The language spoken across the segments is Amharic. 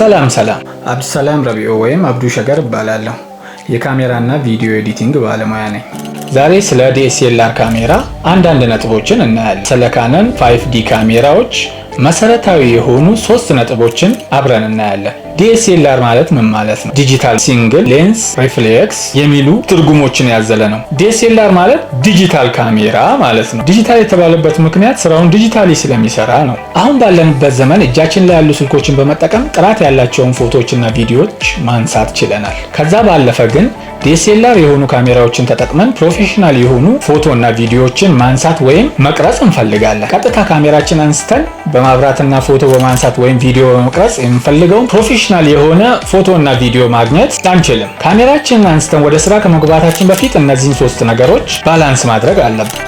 ሰላም ሰላም። አብዱሰላም ረቢኦ ወይም አብዱ ሸገር እባላለሁ። የካሜራና ቪዲዮ ኤዲቲንግ ባለሙያ ነኝ። ዛሬ ስለ ዲኤስኤልአር ካሜራ አንዳንድ ነጥቦችን እናያለን። ስለ ካነን 5ዲ ካሜራዎች መሰረታዊ የሆኑ ሶስት ነጥቦችን አብረን እናያለን። ዲኤስኤልአር ማለት ምን ማለት ነው? ዲጂታል ሲንግል ሌንስ ሪፍሌክስ የሚሉ ትርጉሞችን ያዘለ ነው። ዲኤስኤልአር ማለት ዲጂታል ካሜራ ማለት ነው። ዲጂታል የተባለበት ምክንያት ስራውን ዲጂታሊ ስለሚሰራ ነው። አሁን ባለንበት ዘመን እጃችን ላይ ያሉ ስልኮችን በመጠቀም ጥራት ያላቸውን ፎቶዎችና ቪዲዮዎች ማንሳት ችለናል። ከዛ ባለፈ ግን ዲኤስኤልአር የሆኑ ካሜራዎችን ተጠቅመን ፕሮፌሽናል የሆኑ ፎቶና ቪዲዮዎችን ማንሳት ወይም መቅረጽ እንፈልጋለን። ቀጥታ ካሜራችን አንስተን በማብራትና ፎቶ በማንሳት ወይም ቪዲዮ በመቅረጽ የምንፈልገውን ፕሮፌሽናል ፕሮፌሽናል የሆነ ፎቶ እና ቪዲዮ ማግኘት አንችልም። ካሜራችንን አንስተን ወደ ስራ ከመግባታችን በፊት እነዚህን ሶስት ነገሮች ባላንስ ማድረግ አለብን።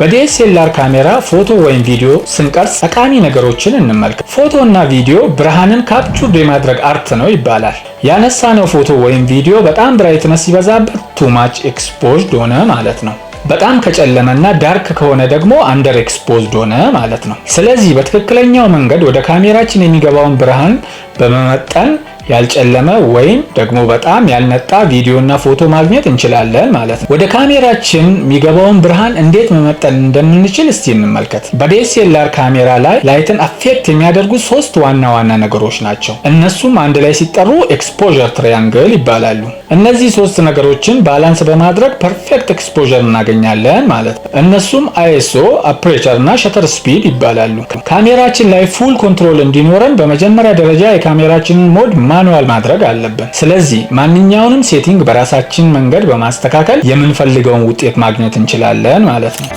በዲኤስኤልአር ካሜራ ፎቶ ወይም ቪዲዮ ስንቀርጽ ጠቃሚ ነገሮችን እንመልከት። ፎቶና ቪዲዮ ብርሃንን ካፕቹርድ የማድረግ አርት ነው ይባላል። ያነሳነው ፎቶ ወይም ቪዲዮ በጣም ብራይትነስ ሲበዛበት ቱማች ኤክስፖዝድ ሆነ ማለት ነው። በጣም ከጨለመና ዳርክ ከሆነ ደግሞ አንደር ኤክስፖዝድ ሆነ ማለት ነው። ስለዚህ በትክክለኛው መንገድ ወደ ካሜራችን የሚገባውን ብርሃን በመመጠን ያልጨለመ ወይም ደግሞ በጣም ያልነጣ ቪዲዮና ፎቶ ማግኘት እንችላለን ማለት ነው። ወደ ካሜራችን የሚገባውን ብርሃን እንዴት መመጠን እንደምንችል እስቲ እንመልከት። በዲኤስኤልአር ካሜራ ላይ ላይትን አፌክት የሚያደርጉ ሶስት ዋና ዋና ነገሮች ናቸው። እነሱም አንድ ላይ ሲጠሩ ኤክስፖዠር ትሪያንግል ይባላሉ። እነዚህ ሶስት ነገሮችን ባላንስ በማድረግ ፐርፌክት ኤክስፖዠር እናገኛለን። እናገኛለን ማለት ነው። እነሱም አይኤስኦ፣ አፕሬቸር እና ሸተር ስፒድ ይባላሉ። ካሜራችን ላይ ፉል ኮንትሮል እንዲኖረን በመጀመሪያ ደረጃ የካሜራችንን ሞድ ማኑዋል ማድረግ አለብን። ስለዚህ ማንኛውንም ሴቲንግ በራሳችን መንገድ በማስተካከል የምንፈልገውን ውጤት ማግኘት እንችላለን ማለት ነው።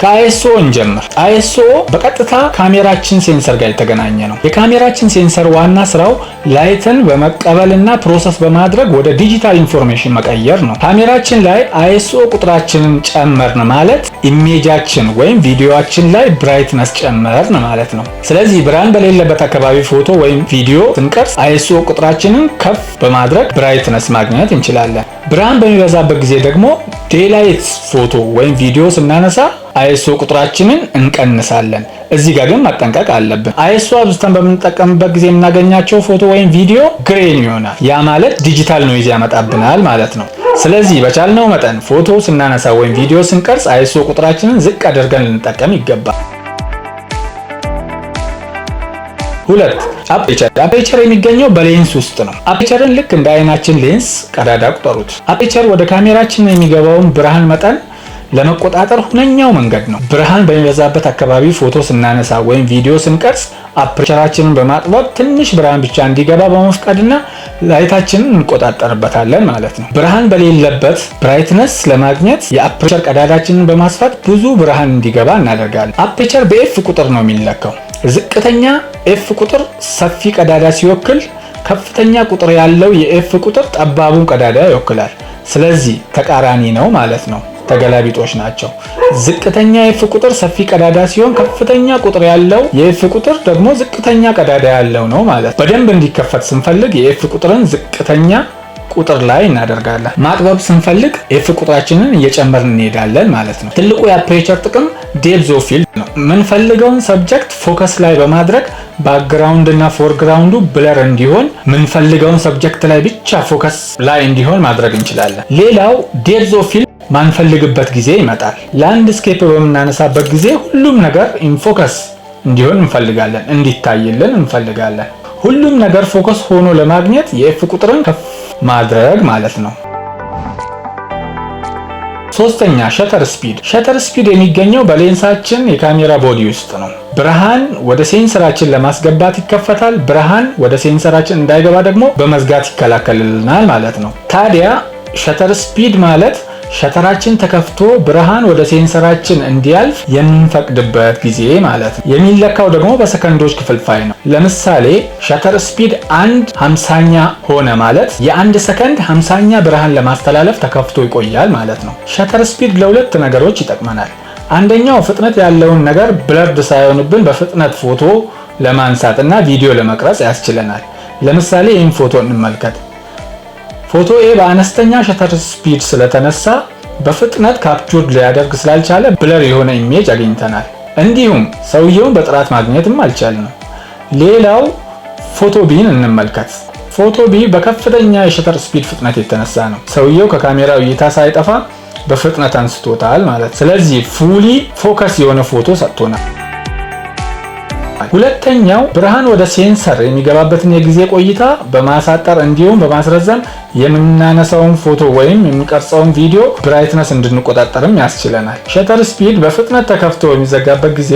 ከአይሶ እንጀምር። አይሶ በቀጥታ ካሜራችን ሴንሰር ጋር የተገናኘ ነው። የካሜራችን ሴንሰር ዋና ስራው ላይትን በመቀበልና ፕሮሰስ በማድረግ ወደ ዲጂታል ኢንፎርሜሽን መቀየር ነው። ካሜራችን ላይ አይሶ ቁጥራችንን ጨመርን ማለት ኢሜጃችን ወይም ቪዲዮችን ላይ ብራይትነስ ጨመርን ማለት ነው። ስለዚህ ብርሃን በሌለበት አካባቢ ፎቶ ወይም ቪዲዮ ስንቀርጽ አይሶ ቁጥራችንን ከፍ በማድረግ ብራይትነስ ማግኘት እንችላለን። ብርሃን በሚበዛበት ጊዜ ደግሞ ዴላይት ፎቶ ወይም ቪዲዮ ስናነሳ አይሶ ቁጥራችንን እንቀንሳለን። እዚህ ጋር ግን መጠንቀቅ አለብን። አይሶ አብዝተን በምንጠቀምበት ጊዜ የምናገኛቸው ፎቶ ወይም ቪዲዮ ግሬን ይሆናል። ያ ማለት ዲጂታል ኖይዝ ያመጣብናል ማለት ነው። ስለዚህ በቻልነው መጠን ፎቶ ስናነሳ ወይም ቪዲዮ ስንቀርጽ አይሶ ቁጥራችንን ዝቅ አድርገን ልንጠቀም ይገባል። ሁለት አፔቸር አፔቸር የሚገኘው በሌንስ ውስጥ ነው። አፔቸርን ልክ እንደ አይናችን ሌንስ ቀዳዳ ቁጠሩት። አፔቸር ወደ ካሜራችን የሚገባውን ብርሃን መጠን ለመቆጣጠር ሁነኛው መንገድ ነው። ብርሃን በሚበዛበት አካባቢ ፎቶ ስናነሳ ወይም ቪዲዮ ስንቀርጽ አፕሬቸራችንን በማጥበብ ትንሽ ብርሃን ብቻ እንዲገባ በመፍቀድና ላይታችንን እንቆጣጠርበታለን ማለት ነው። ብርሃን በሌለበት ብራይትነስ ለማግኘት የአፕሬቸር ቀዳዳችንን በማስፋት ብዙ ብርሃን እንዲገባ እናደርጋለን። አፕሬቸር በኤፍ ቁጥር ነው የሚለካው። ዝቅተኛ ኤፍ ቁጥር ሰፊ ቀዳዳ ሲወክል ከፍተኛ ቁጥር ያለው የኤፍ ቁጥር ጠባቡን ቀዳዳ ይወክላል። ስለዚህ ተቃራኒ ነው ማለት ነው፣ ተገላቢጦች ናቸው። ዝቅተኛ የኤፍ ቁጥር ሰፊ ቀዳዳ ሲሆን ከፍተኛ ቁጥር ያለው የኤፍ ቁጥር ደግሞ ዝቅተኛ ቀዳዳ ያለው ነው ማለት ነው። በደንብ እንዲከፈት ስንፈልግ የኤፍ ቁጥርን ዝቅተኛ ቁጥር ላይ እናደርጋለን። ማጥበብ ስንፈልግ ኤፍ ቁጥራችንን እየጨመርን እንሄዳለን ማለት ነው። ትልቁ የአፕሬቸር ጥቅም ዴፕዝ ኦፍ ፊልድ ምንፈልገውን ሰብጀክት ፎከስ ላይ በማድረግ ባክግራውንድ እና ፎርግራውንዱ ብለር እንዲሆን ምንፈልገውን ሰብጀክት ላይ ብቻ ፎከስ ላይ እንዲሆን ማድረግ እንችላለን። ሌላው ዴብዝ ኦፍ ፊልም ማንፈልግበት ጊዜ ይመጣል። ላንድስኬፕ በምናነሳበት ጊዜ ሁሉም ነገር ኢንፎከስ እንዲሆን እንፈልጋለን፣ እንዲታይልን እንፈልጋለን። ሁሉም ነገር ፎከስ ሆኖ ለማግኘት የኤፍ ቁጥርን ከፍ ማድረግ ማለት ነው። ሶስተኛ ሸተር ስፒድ። ሸተር ስፒድ የሚገኘው በሌንሳችን የካሜራ ቦዲ ውስጥ ነው። ብርሃን ወደ ሴንሰራችን ለማስገባት ይከፈታል። ብርሃን ወደ ሴንሰራችን እንዳይገባ ደግሞ በመዝጋት ይከላከልልናል ማለት ነው። ታዲያ ሸተር ስፒድ ማለት ሸተራችን ተከፍቶ ብርሃን ወደ ሴንሰራችን እንዲያልፍ የምንፈቅድበት ጊዜ ማለት ነው። የሚለካው ደግሞ በሰከንዶች ክፍልፋይ ነው። ለምሳሌ ሸተር ስፒድ አንድ ሀምሳኛ ሆነ ማለት የአንድ ሰከንድ ሀምሳኛ ብርሃን ለማስተላለፍ ተከፍቶ ይቆያል ማለት ነው። ሸተር ስፒድ ለሁለት ነገሮች ይጠቅመናል። አንደኛው ፍጥነት ያለውን ነገር ብለርድ ሳይሆንብን በፍጥነት ፎቶ ለማንሳት እና ቪዲዮ ለመቅረጽ ያስችለናል። ለምሳሌ ይህን ፎቶ እንመልከት። ኤ በአነስተኛ ሸተር ስፒድ ስለተነሳ በፍጥነት ካፕቹር ሊያደርግ ስላልቻለ ብለር የሆነ ኢሜጅ አግኝተናል። እንዲሁም ሰውየውን በጥራት ማግኘትም አልቻልንም። ሌላው ፎቶ ቢን እንመልከት። ፎቶ ቢ በከፍተኛ የሸተር ስፒድ ፍጥነት የተነሳ ነው። ሰውየው ከካሜራው እይታ ሳይጠፋ በፍጥነት አንስቶታል ማለት። ስለዚህ ፉሊ ፎከስ የሆነ ፎቶ ሰጥቶናል። ሁለተኛው ብርሃን ወደ ሴንሰር የሚገባበትን የጊዜ ቆይታ በማሳጠር እንዲሁም በማስረዘም የምናነሳውን ፎቶ ወይም የምንቀርጸውን ቪዲዮ ብራይትነስ እንድንቆጣጠርም ያስችለናል። ሸተር ስፒድ በፍጥነት ተከፍቶ የሚዘጋበት ጊዜ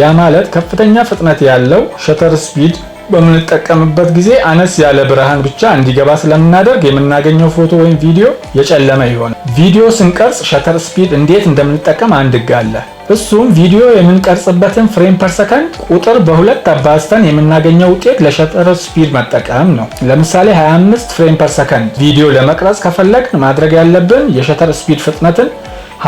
ያ ማለት ከፍተኛ ፍጥነት ያለው ሸተር ስፒድ በምንጠቀምበት ጊዜ አነስ ያለ ብርሃን ብቻ እንዲገባ ስለምናደርግ የምናገኘው ፎቶ ወይም ቪዲዮ የጨለመ ይሆናል። ቪዲዮ ስንቀርጽ ሸተር ስፒድ እንዴት እንደምንጠቀም አንድ ህግ አለ። እሱም ቪዲዮ የምንቀርጽበትን ፍሬም ፐር ሰከንድ ቁጥር በሁለት አባዝተን የምናገኘው ውጤት ለሸተር ስፒድ መጠቀም ነው። ለምሳሌ 25 ፍሬም ፐር ሰከንድ ቪዲዮ ለመቅረጽ ከፈለግን ማድረግ ያለብን የሸተር ስፒድ ፍጥነትን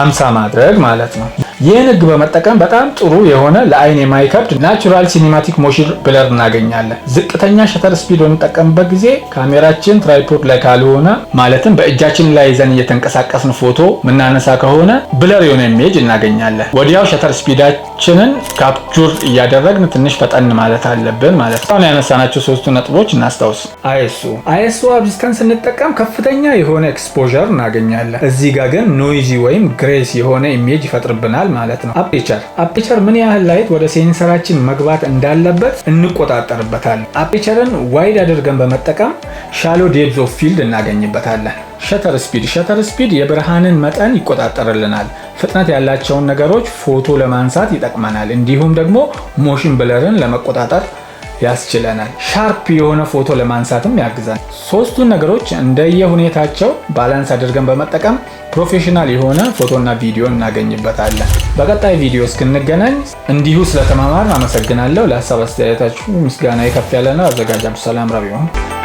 50 ማድረግ ማለት ነው። ይህን ህግ በመጠቀም በጣም ጥሩ የሆነ ለአይን የማይከብድ ናቹራል ሲኒማቲክ ሞሽን ብለር እናገኛለን። ዝቅተኛ ሸተር ስፒድ በምንጠቀምበት ጊዜ ካሜራችን ትራይፖድ ላይ ካልሆነ ማለትም በእጃችን ላይ ይዘን እየተንቀሳቀስን ፎቶ ምናነሳ ከሆነ ብለር የሆነ ኢሜጅ እናገኛለን። ወዲያው ሸተር ስፒዳችንን ካፕቹር እያደረግን ትንሽ ፈጠን ማለት አለብን ማለት ነው። ያነሳናቸው ሶስቱ ነጥቦች እናስታውስ። አይሱ አይሱ አብዝተን ስንጠቀም ከፍተኛ የሆነ ኤክስፖዠር እናገኛለን። እዚህ ጋር ግን ኖይዚ ወይም ግሬስ የሆነ ኢሜጅ ይፈጥርብናል ይችላል ማለት ነው። አፔቸር አፔቸር ምን ያህል ላይት ወደ ሴንሰራችን መግባት እንዳለበት እንቆጣጠርበታለን። አፔቸርን ዋይድ አድርገን በመጠቀም ሻሎ ዴፕዝ ኦፍ ፊልድ እናገኝበታለን። ሸተር ስፒድ ሸተር ስፒድ የብርሃንን መጠን ይቆጣጠርልናል። ፍጥነት ያላቸውን ነገሮች ፎቶ ለማንሳት ይጠቅመናል። እንዲሁም ደግሞ ሞሽን ብለርን ለመቆጣጠር ያስችለናል። ሻርፕ የሆነ ፎቶ ለማንሳትም ያግዛል። ሶስቱን ነገሮች እንደየሁኔታቸው ባላንስ አድርገን በመጠቀም ፕሮፌሽናል የሆነ ፎቶና ቪዲዮ እናገኝበታለን። በቀጣይ ቪዲዮ እስክንገናኝ እንዲሁ ስለተማማር አመሰግናለሁ። ለሀሳብ አስተያየታችሁ ምስጋና ከፍ ያለ ነው። አዘጋጅ አብዱሰላም